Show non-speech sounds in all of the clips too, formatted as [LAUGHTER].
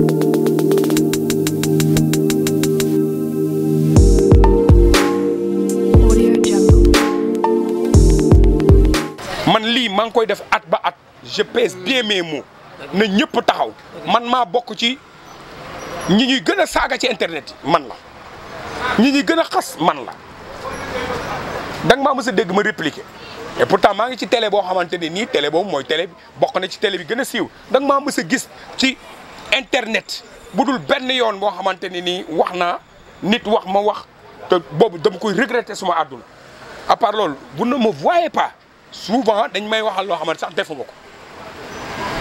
man lii maa ngi koy def at ba at gps pèse bien mes mots na ñëpp taxaw man maa bokk ci ñi ñuy gën a saaga ci internet man la ñi ñuy gën a xas man la danga maa mës a dégg ma répliquer et pourtant maa ngi ci télé boo xamante ne nii télé boobu mooy télé bi bokk na ci tele bi gën a siiw danga maa mës gis ci internet Vous yoon bo xamanteni ni waxna nit wax ma wax te bobu dama koy regretter suma à part vous ne me voyez pas souvent dañ may waxal lo sax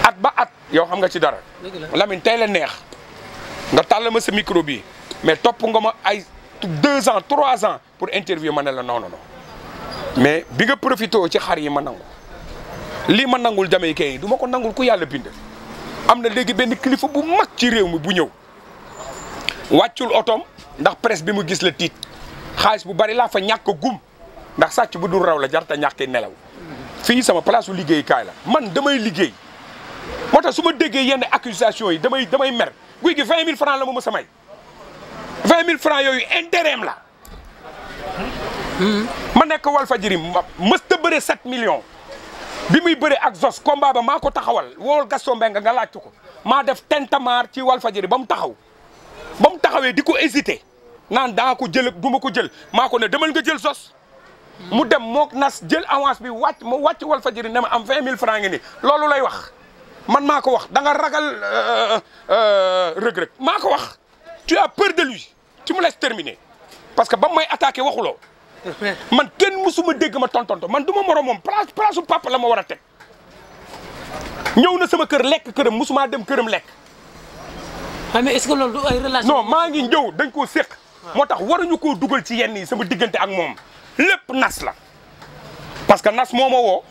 at ba at yow xam nga ci dara Lamine la neex nga talama micro mais top deux ans trois ans pour interview Vous non non mais bi nga ci xar ma nangu Vous ma nangul jamaïcain yi ko nangul ku am na léegi benn kilifa bu mag ci réew mi bu ñëw wàccul otoom ndax presse bi mu gis la tiit xaalis bu bari laa fa ñàkk gum ndax sàcc bu dul raw la jarta ñàkk nelaw fii sama place su liggéeykaay la man damay liggéey moo tax su ma déggee yenn accusation yi damay damay mer guy gi vingt mille francs la ma mës may vingt mille francs yooyu intérêt am la hmm. ma nekk Walfadjri ma mës ta bëre sept million bi muy bëre ak Zos combat ba mako taxawal wol Gaston Mbengue nga laajtu ko maa def tentamar ci wal ba bam taxaw bam taxawé diko hésiter nan hésité ko jël du ma ko jël mako ne demal nga jël Zos. mu dem mok nas jël avance bi wàcc mu wal Walfadjri ne ma am vingt mille francs ngi ni lay wax man mako wax da nga ragal euh, euh, euh rëg maa mako wax tu as peur de lui tu me laisses terminer parce que bam may attaqué waxuloo man [LAUGHS] musuma dégg ma tontonto man du ma moro moom place place papa la ma war a na sama kër lekk këram musuma dem këram lekk. ah mais est-ce que maa ngi ñëw dañ koo séq. Ah. moo tax waruñu koo dugal ci yenn yi sama diggante ak moom lépp nas la. parce que nas moo ma woo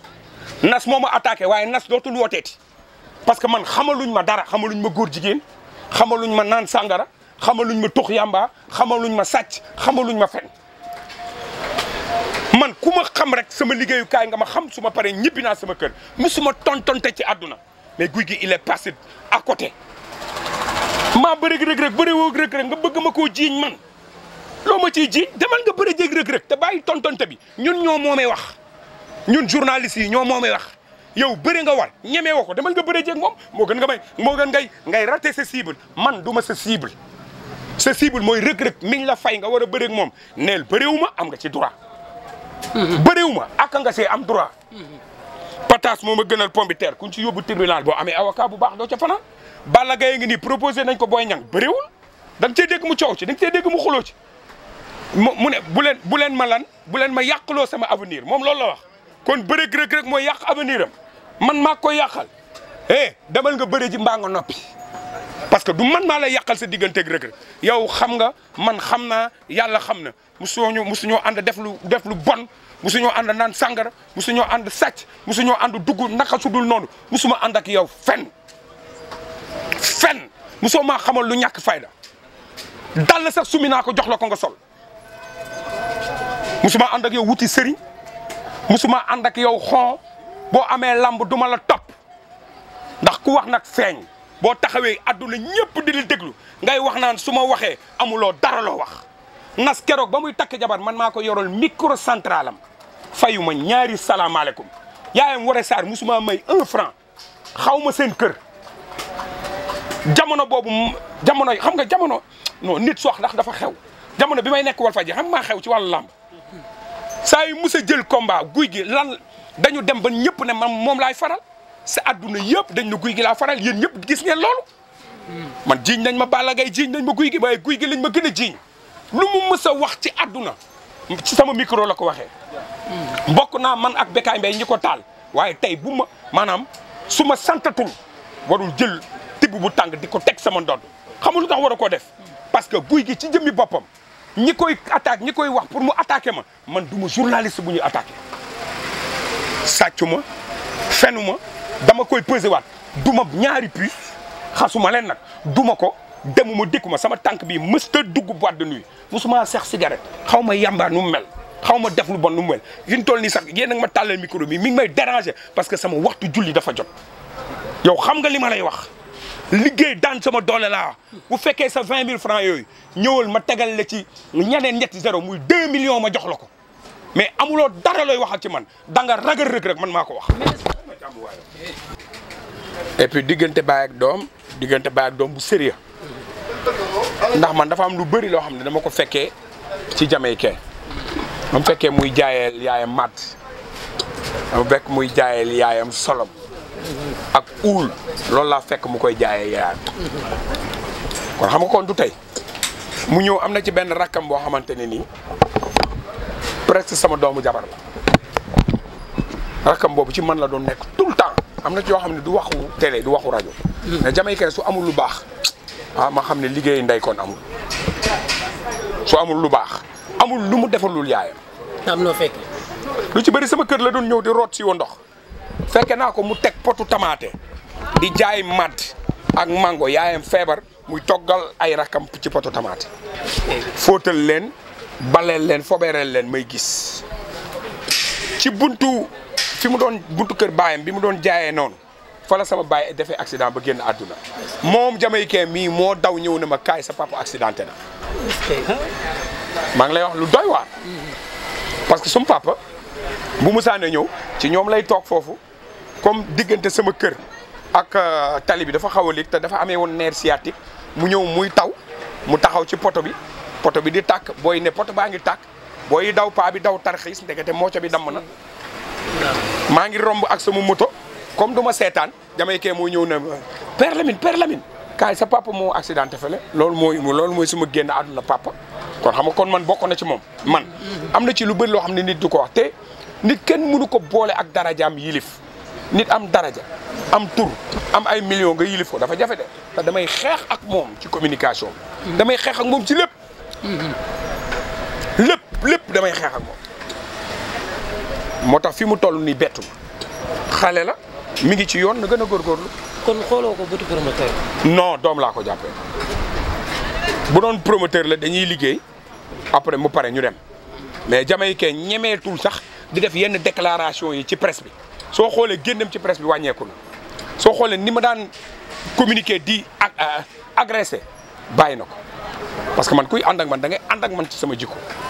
nas moo ma attaqué waaye nas dootul ti parce que man xamaluñ ma dara xamaluñ ma góor jigéen xamaluñ ma naan sàngara xamaluñ ma tux yàmba xamaluñ ma sàcc xamaluñ ma fen man ku ma xam rek sama liggéeyukaay nga ma xam su ma paree ñibbi naa sama kër musuma tontonte ci adduna mais guy gi il est passé à côté maa bëri rek rek bëri nga bëgg ma koo jiiñ man loo ma ciy jiiñ demal nga bëri jéeg rek rek te bàyyi tontonte bi ñun ñoo moomee wax ñun journalistes yi ñoo moomee wax yow bëri nga war ñemee woo ko demal nga bëri jéeg moom moo gën nga may moo gën ngay ngay raté sa cible man du ma sa cible sa cible mooy rëg-rëg miñ la fay nga a bëri moom neel bëriwu ma am nga ci droit Mm-hmm. bëriwu ma ak nga see am droit. Mm-hmm. pataas moo ma gënal pombiteer kuñ ci yóbbu tribunal boo amee avocat bu baax doo ca fanaan. Balla Gaye ngi nii proposé nañ ko Boy Niang bëriwul dañ cee dégg mu coow ci dañ cee dégg mu xuloo ci. mu ne bu leen bu leen ma lan bu leen ma yàqloo sama avenir moom loolu la wax kon bëreeg rek rek mooy yàq avenir am man maak ko yàqal eh demal nga bëri ji mbaa noppi. parce que du man ma lay yakal sa digganteeg rek rek yow xam nga man xamna yalla xamna xam na musuñu musuñoo ànd def lu def lu bon musuñoo ànd naan sàngara musuñoo ànd sàcc musuñoo and duggu naka sudul noonu musuma and ak yow fen fenn musoo maa xamal lu ñak fayda dal sax sumina ko jox la ko nga sol musuma and ak yow wuti sëriñ musuma and ak yow xon bo amé lamb duma la top ndax ku wax nak feeñ boo taxawee adduna ñëpp di la déglu ngay wax naan su ma waxee amuloo dara loo wax nas keroog ba muy takk jabar man maa ko yorol micro central am fayu ma ñaari salaamaaleykum yaayam war a saar musuma may un franc xaw ma seen kër jamono boobu jamono xam nga jamono non nit sox ndax dafa xew jamono bi may nekk wal faji xam maa xew ci wàllu làmb saa yu mus jël komba guy gi lan dañu dem ba ñëpp ne man moom laay faral sa adduna yëpp dañ na guy gi laa faral yéen ñëpp gis ngeen loolu man jiiñ nañ ma bala Gaye jiiñ nañ ma guy gi waaye guy gi lañ ma gën a jiiñ lu mu mës wax ci adduna ci sama micro la ko waxee bokk naa man ak Bécaye Mbaye ñi ko taal waaye tey bu ma maanaam su ma santatul warul jël tibb bu tàng di ko teg sama ndodd xamul lu tax war a koo def parce que guy gi ci jëmmi boppam ñi koy attaque ñi koy wax pour mu attaqué ma man du ma journaliste bu ñu attaqué sàccu ma fenu ma dama koy pesé wat duma ñaari puis xasuma len nak duma ko demuma dikuma sama tank bi mësta dugg boîte de nuit musuma seex cigarette xaw yamba nu mel xaw ma def lu bon nu mel fi ñu toll nii sax yéen nak ma talel micro bi mi ngi may déranger parce que sama waxtu julli dafa jot yow xam nga li lay wax liggéey daan sama doole la bu fekkee sa vingt mille francs yooyu ñëwal ma tegal la ci ñeneen ñetti zéro muy 2 millions ma jox la ko mais amuloo dara looy waxal ci man da nga ragal rek rek man maa ko wax et diggante baay ak doom diggante baay ak doom bu sérieux ndax man dafa am lu bari loo xam ne dama ko fekkee ci jamaïcain moom fekkee muy jaayeel yaayam matt dama fekk muy jaayeel yaayam solom ak uul loolu laa fekk mu koy jaayee yaayam kon xam nga kon du tey mu ñëw am na ci benn rakkam boo xamante ne nii presque sama doomu jabar la rakkam boobu ci man la doon nekk tout le temps am na ci yoo xam ne du waxu télé du waxu rajo. mais jamaïcain su amul lu baax ah, ma xam ne liggéey ndey amul su amul lu baax amul lu mu defalul yaayam. am lu ci bari sama kër la doon ñëw di root si woon ndox fekke naa ko mu teg potu tamaate di jaay màdd ak mango yaayam feebar muy toggal ay rakkam ci potu tamaate fóotal leen baleel leen fobeereel leen may gis ci buntu. fi mu doon buntu kër baayam bi mu doon jaayee noonu fa la sama baay defee accident ba génn àdduna moom jamaïcain mii moo daw ñëw na ma kaay sa papa accidenté na maa ngi lay wax lu doy waar parce que sum papa bu musaane ñëw ci ñoom lay toog foofu comme diggante sama kër ak euh, tali bi dafa xaw a te dafa amee woon nerf sciatique mu ñëw muy taw mu taxaw ci poto bi poto bi di tàkk booy ne poto baa ngi tàkk booy daw paa bi daw tarxiis ndekete mooco bi damm na maa ngi romb ak sama moto comme du seetaan jamay kee moo ñëw na Père Lamine Père Lamine sa papa moo accidenté fële loolu mooy loolu mooy suma génn àdduna papa kon xam nga kon man bokk ci moom man am na ci lu bëri loo xam ne nit du ko wax te nit kenn mënu ko boole ak darajaam yilif nit am daraja am tur am ay millions nga yilif ko dafa jafe de damay xeex ak moom ci communication damay xeex ak moom ci lépp mm-hmm. lépp lépp damay xeexak moom motax fi mu tollu ni bettu xalé la mi ngi ci yoon na gën gor góorgóorlu. kon xoloko ko bëtu promoteur. non dom la ko jappé bu don promoteur la dañuy liggéey après mu paré ñu dem mais ñëmé tul sax di def yenn déclaration yi ci presse bi so xolé génnam ci presse bi wañé ko so xolé ni ma daan communiquer di euh, agresser bayinako parce que man kuy ànd ak man da ngay ànd ak man ci sama jikko.